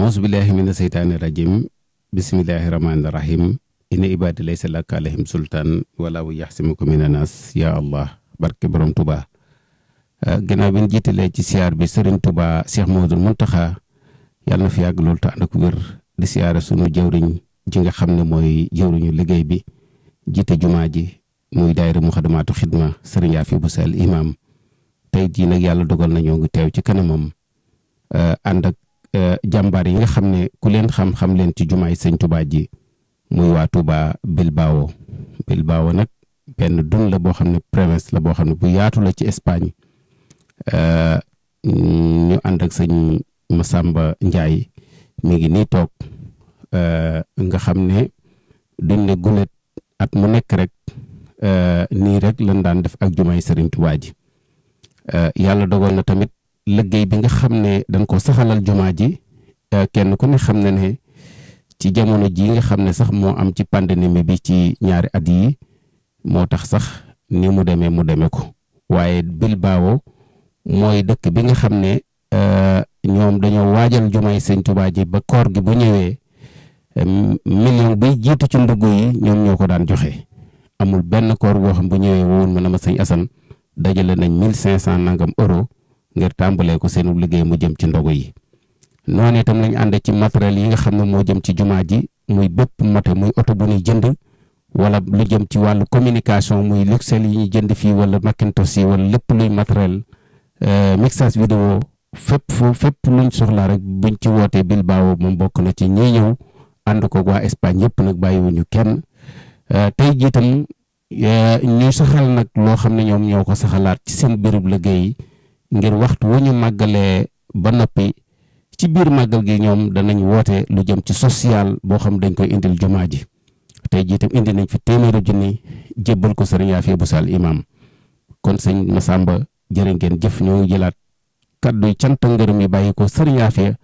axusubillahi mina seytaani rajim bismillahi rahmaani rahim inna ibaadi laysa laka alayhim sultaan wala wu yaxsimuka mina naas ya allah barke borom Touba ah, ginnaaw bi ñu jiitalee ci siyaar bi sëriñ Touba Cheikh Modou Mountakha yàlla na fi yàgg loolu te ànd ak wér di siyaare sunu jëwriñ ji nga xam ne mooy jëwriñu liggéey bi jiite jumaa ji muy daayira Muxadamaatu Xidma sëriñ Yaafi bu sal imaam tey jii yàlla dogal na ñoo ngi teew ci kanamam ah, Euh, jàmbaar yi nga xam ne ku leen xam-xam leen ci jumaay sëñ Touba ji muy waa Touba Bilbao Bilbao nag benn dun la boo xam ne province la boo xam ne bu yaatu la ci Espagne euh, ñu ànd ak sëñ Massamba Ndiaye mi ngi nii toog euh, nga xam ne duñ ne gunet at mu nekk rek nii rek lañ daan def ak jumaay sëriñ Touba ji yàlla dogal na tamit liggéey bi nga xam ne dañ ko saxalal jumaa ji euh, kenn ko ne xam na ne ci jamono ji nga xam ne sax moo am ci pandémie bi ci ñaari at yi moo tax sax ni mu demee mu demee ko waaye Bilbao mooy dëkk bi nga xam ne euh, ñoom dañoo waajal jumaay sëñ Tuubaa ji ba koor gi bu ñëwee euh, million bi jiitu ci ndugg yi ñoom ñoo ko daan joxe amul benn koor boo xam bu ñëwee woon ma na ma sëñ Assane dajale nañ mille cinq cent nangam euro ngir tàmbalee ko seenu liggéey mu jëm ci ndogu yi noonu itam lañ ànd ci matériel yi nga xam ne moo jëm ci jumaa ji muy bépp mote muy oto bu ñuy jënd wala lu jëm ci wàllu communication muy luxel yi ñuy jënd fii wala Macintosh yi wala lépp luy matériel euh, mixage vidéo fépp fu fépp luñ soxlaa rek buñ ci wootee Bilbao moom bokk na ci ñiy ñëw ànd ko waa Espagne yëpp nag bàyyiwuñu kenn euh, tey jii tam euh, ñu saxal nag loo xam ne ñoom ñoo ko saxalaat ci seen bërëb liggéey ngir waxtu wu ñu màggalee ba noppi ci biir màggal gi ñoom danañ woote lu jëm ci social boo xam dañ koy indil jumaa ji tey jii tam indi nañ fi téeméeri junni jébbal ko sëriñ Afia bu Sall imaam kon sëñ Massamba jëriñ ngeen jëf ñoo jëlaat kaddu yi cant ngërëm yi bàyyi ko sëriñ Afia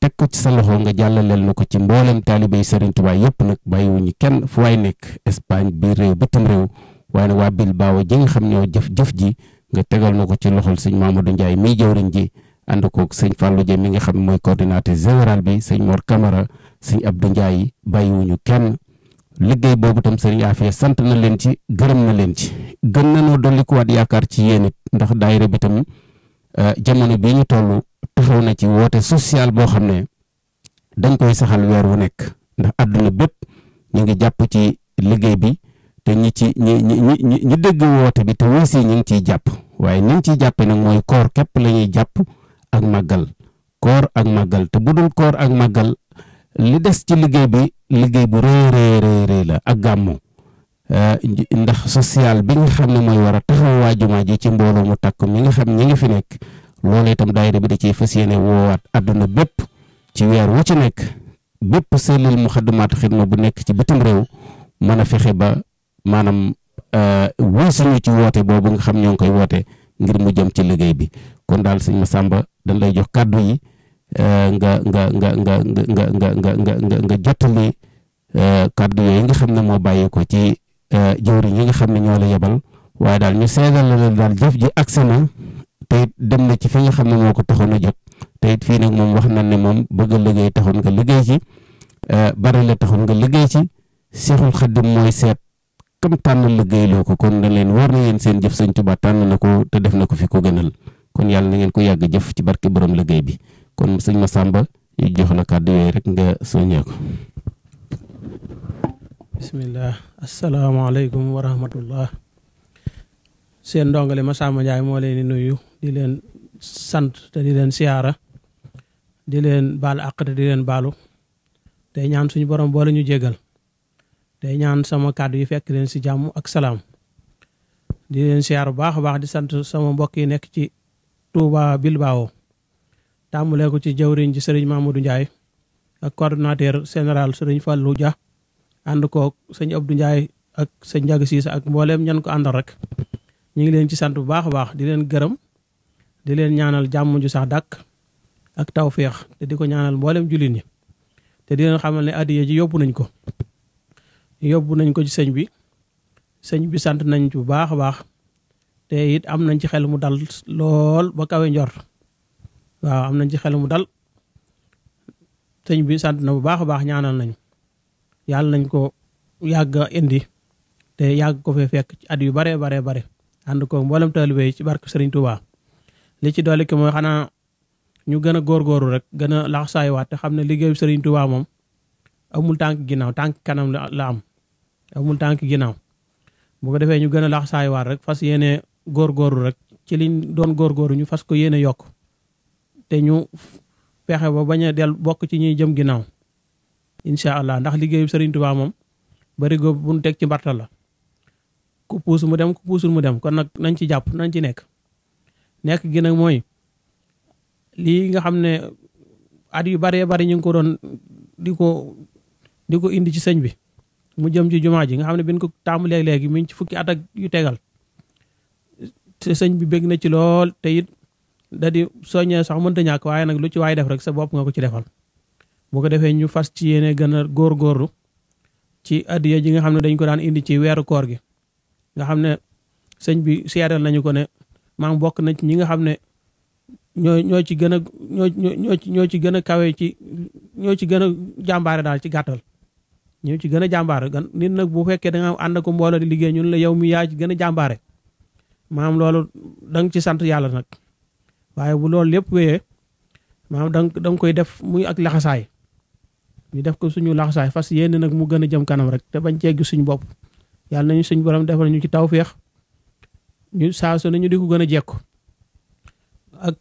teg ko ci sa loxo nga jàllaleel na ko ci mboolem taalibey sëriñ Tuubaa yëpp nag bàyyiwuñu kenn fu waay nekk Espagne bi réew bitim réew waaye nag waa Bilbao baawo nga xam ñoo jëf jëf ji. nga tegal na ko ci loxol sëñ Mamadou Ndiaye mii jëwriñ ji ànd koog sëñ Fallou Dieng mi nga xam mooy coordinateur général bi sëñ Mor Camara sëñ Abdou Ndiaye bàyyiwuñu kenn liggéey boobu tam sëriñ Afia sant na leen ci gërëm na leen ci gën na noo dollikuwaat yaakaar ci yéen it ndax daayira bi tam euh, jamono bii ñu toll taxaw na ci woote sociale boo xam ne dañ koy saxal weer wu nekk ndax àdduna bépp ñu ngi jàpp ci liggéey bi te ñi ci ñi ñi ñi ñi dégg woote bi te wësi ñi ngi ciy jàpp waaye ni ngi ciy jàppe nag mooy koor képp la ñuy jàpp ak màggal koor ak màggal te bu dul koor ak màggal li des ci liggéey bi liggéey bu rëy rëy la ak gàmmu euh, ndax social bi nga xam ne mooy war a taxaw waa jumaa ji ci mbooloo mu takk mi nga xam ñi ngi fi nekk loolee itam daayira bi da ci fas yéene wowaat àdduna bépp ci weer wu ci nekk bépp sellil muxaddamaatu xidma bu nekk ci bitim réew mën a fexe ba maanaam wuy suñu ci woote boobu nga xam ñoo ngi koy woote ngir mu jëm ci liggéey bi kon daal sëñ sàmba dañ lay jox kàddu yi nga nga nga nga nga nga nga nga xam ne moo bàyyi ko ci jëwriñ yi nga xam ne ñoo la yebal waaye daal ñu seegal la daal jëf ji agsi na te dem na ci fi nga xam ne moo ko taxoon a jot te it fii nag moom wax na ne moom bëgg a liggéey taxoon nga liggéey ci bari la taxoon nga liggéey ci Seexul Xaddim mooy seet kam tànn liggéey loo ko kon da leen war na yéen seen jëf sëñ Tuubaa tànn na ko te def na ko fi ko gënal kon yàlla na ngeen ko yàgg jëf ci barke borom liggéey bi kon ma Massamba ñu jox na kàddu yooyu rek nga soññee ko bismillah asalaamaaleykum wa rahmatullah seen ndongale Massamba Ndiaye moo leen di nuyu di leen sant te di leen siyaara di leen baal àq te di leen baalu te ñaan suñu borom boole ñu jégal day ñaan sama kàddu yi fekk leen si jàmm ak salaam di leen siyaar bu baax a baax di sant sama mbokk yi nekk ci Touba Bilbao tàmbalee ko ci jawriñ ji sëriñ du Ndiaye ak kordinateer général sëriñ Fallou ja ànd koog sëñ Abdou njaay ak sa Ndiaga Cissé ak mbooleem ñan ko àndal rek ñu ngi leen ci sant bu baax a baax di leen gërëm di leen ñaanal jàmm ju sax dàkk ak tawféex te di ko ñaanal mbooleem jullit ñi te di leen xamal ne addiya ji yóbbu nañ ko yóbbu nañ ko ci sëñ bi sëñ bi sant nañ bu baax a baax te it am nañ ci xel mu dal lool ba kawe njor waaw am nañ ci xel mu dal sëñ bi sant na bu baax a baax ñaanal nañ yàlla nañ ko yàgg indi te yàgg ko fee fekk ci at yu bare bare bare ànd ko mboolem taalibe yi ci bark Sëriñ Tuubaa li ci dolli ki mooy xanaa ñu gën a góor góorgóorlu rek gën a waat te xam ne liggéeyu Sëriñ Tuubaa moom amul tànk ginnaaw tànk kanam la am amul tànk ginnaaw bu ko defee ñu gën a laax saay waar rek fas yéene góorgóorlu rek ci liñ doon góorgóorlu ñu fas ko yéene yokk te ñu pexe ba bañ a del bokk ci ñuy jëm ginnaaw incha allah ndax liggéeyu Serigne Touba moom bari góob bu nu teg ci mbartal la ku puus mu dem ku puusul mu dem kon nag nañ ci jàpp nañ ci nekk nekk gi nag mooy lii nga xam ne at yu baree bari ñu ngi ko doon di ko di ko indi ci sëñ bi mu jëm ci jumaa ji nga xam ne bi ñu ko tàmbalee léegi mi ngi ci fukki at ak yu tegal te sëñ bi bég na ci lool te it dadi di sax mënta ñàkk waaye nag lu ci waaye def rek sa bopp nga ko ci defal boo ko defee ñu fas ci yéene gën a góorgóorlu ci addiya ji nga xam ne dañ ko daan indi ci weeru koor gi nga xam ne sëñ bi seeral nañu ko ne maa bokk nañ ci ñi nga xam ne ñoo ñoo ci gën a ñoo ñoo ci gën a kawe ci ñoo ci gën a jàmbaare daal ci gàttal ñoo ci gën a jàmbaare gan nit nag bu fekkee da nga ànd ko mbooloo di liggéey ñun la yow mi yaa ci gën a jàmbaare maanaam loolu da nga ci sant yàlla nag waaye bu loolu lépp wéyee maanaam da nga koy def muy ak laxasaay ñu def ko suñu laxasaay fas yéene nag mu gën a jëm kanam rek te bañ ceeggi suñu bopp yàlla nañu suñu borom defal ñu ci tawféex ñu saa su ne ñu di ko gën a jekku ak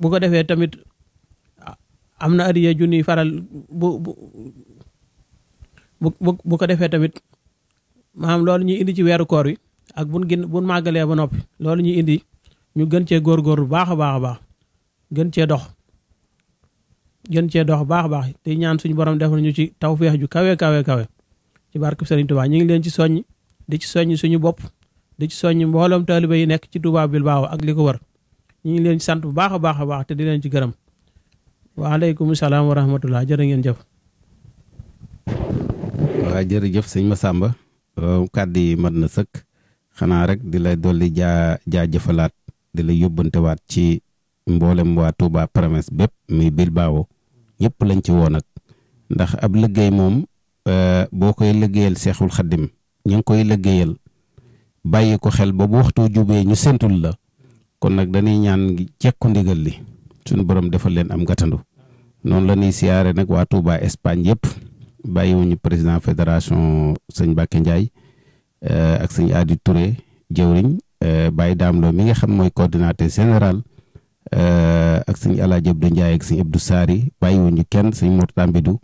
bu ko defee tamit am na adiya junni faral bu bu bu ko defee tamit maanaam loolu ñu indi ci weeru koor wi ak buñ gën buñ màggalee ba noppi loolu ñuy indi ñu gën cee góorgóorlu baax a baax a baax gën cee dox gën cee dox baax a baax te ñaan suñu borom defal ñu ci tawféex ju kawe kawe kawe ci barke Sëriñ Tuubaa ñu ngi leen ci soññ di ci soññ suñu bopp di ci soññ mbooloom taalibe yi nekk ci bil Bilbao ak li ko wër ñu ngi leen sant bu baax a baax a baax te di leen ci gërëm waaleykum salaam wa rahmatullah jërë ngeen jëf waaw jërëjëf sëñ Massamba kàddu yi mat na sëkk xanaa rek di la dolli jaa jëfalaat di la yóbbantewaat ci mboolem waa Touba Promesse bépp muy baawo ñëpp lañ ci woon nag ndax ab liggéey moom euh, boo koy liggéeyal seexul xaddim ñu ngi koy liggéeyal bàyyi ko xel ba bu waxtu jubee ñu sentul la kon nag dañuy ñaan cekku ndigal li suñu borom defal leen am gàttandu noonu la siyaare nag waa Touba Espagne yëpp bàyyiwuñu président fédération sëñ Mbacke Ndiaye euh, ak sëñ Adi Touré jëwriñ euh, bàyyi daam Lo mi nga xam mooy coordinateur général euh, ak sëñ El Hadj Abdou Ndiaye ak sëñ Abdou Sari bàyyiwuñu kenn sëñ Mourtada Mbidou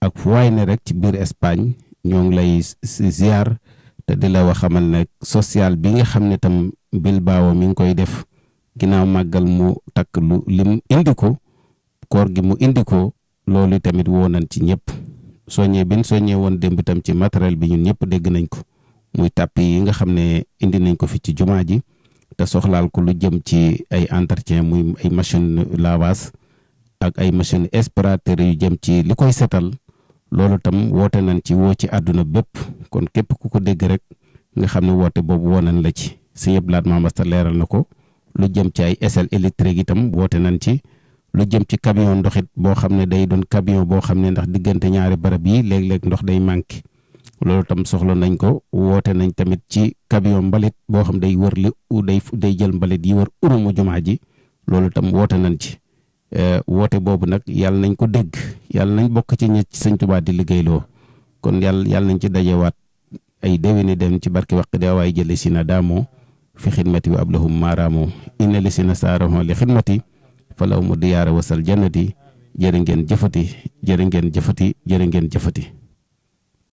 ak fu waay ne rek ci biir Espagne ñoo ngi lay ziar te di la wax xamal ne social bi nga xam ne tam Bilbao mi ngi koy def ginnaaw màggal mu takk lu lim indi ko koor gi mu indi ko loolu tamit woo nañ ci ñëpp. soññee bin soññee woon démb itam ci matériel bi ñun ñëpp dégg nañ ko muy tàpp yi nga xam ne indi nañ ko fi ci jumaa ji te soxlaal ko lu jëm ci ay entretien muy ay machine lavage ak ay machine aspirateur yu jëm ci li koy setal loolu tam woote nañ ci woo ci àdduna bépp kon képp ku ko dégg rek nga xam ne woote boobu woo nañ la ci si yëpp laat maamasta leeral na ko lu jëm ci ay échelle électrique itam woote nañ ci lu jëm ci camion ndoxit boo xam ne day doon camion boo xam ne ndax diggante ñaari barab yi léeg-léeg ndox day manqué loolu tam soxla nañ ko woote nañ tamit ci camion mbalit boo xam day wër li day jël mbalit yi wër urumu jumaa ji loolu tam woote nañ ci eh, woote boobu nag yàlla nañ ko dégg yàlla nañ bokk ci ñi Sëñ Tuubaa di liggéey loo kon yàlla yàlla nañ ci dajewaat ay déwéni dem ci barki waqi daa waaye jële si na daamoo fi xidmati wa ablahum maaraamoo inna li si na saarahon li xidmati falaw mu diyaara wasal jannati jërë ngeen jëfati jërë ngeen jëfati jërë ngeen jëfati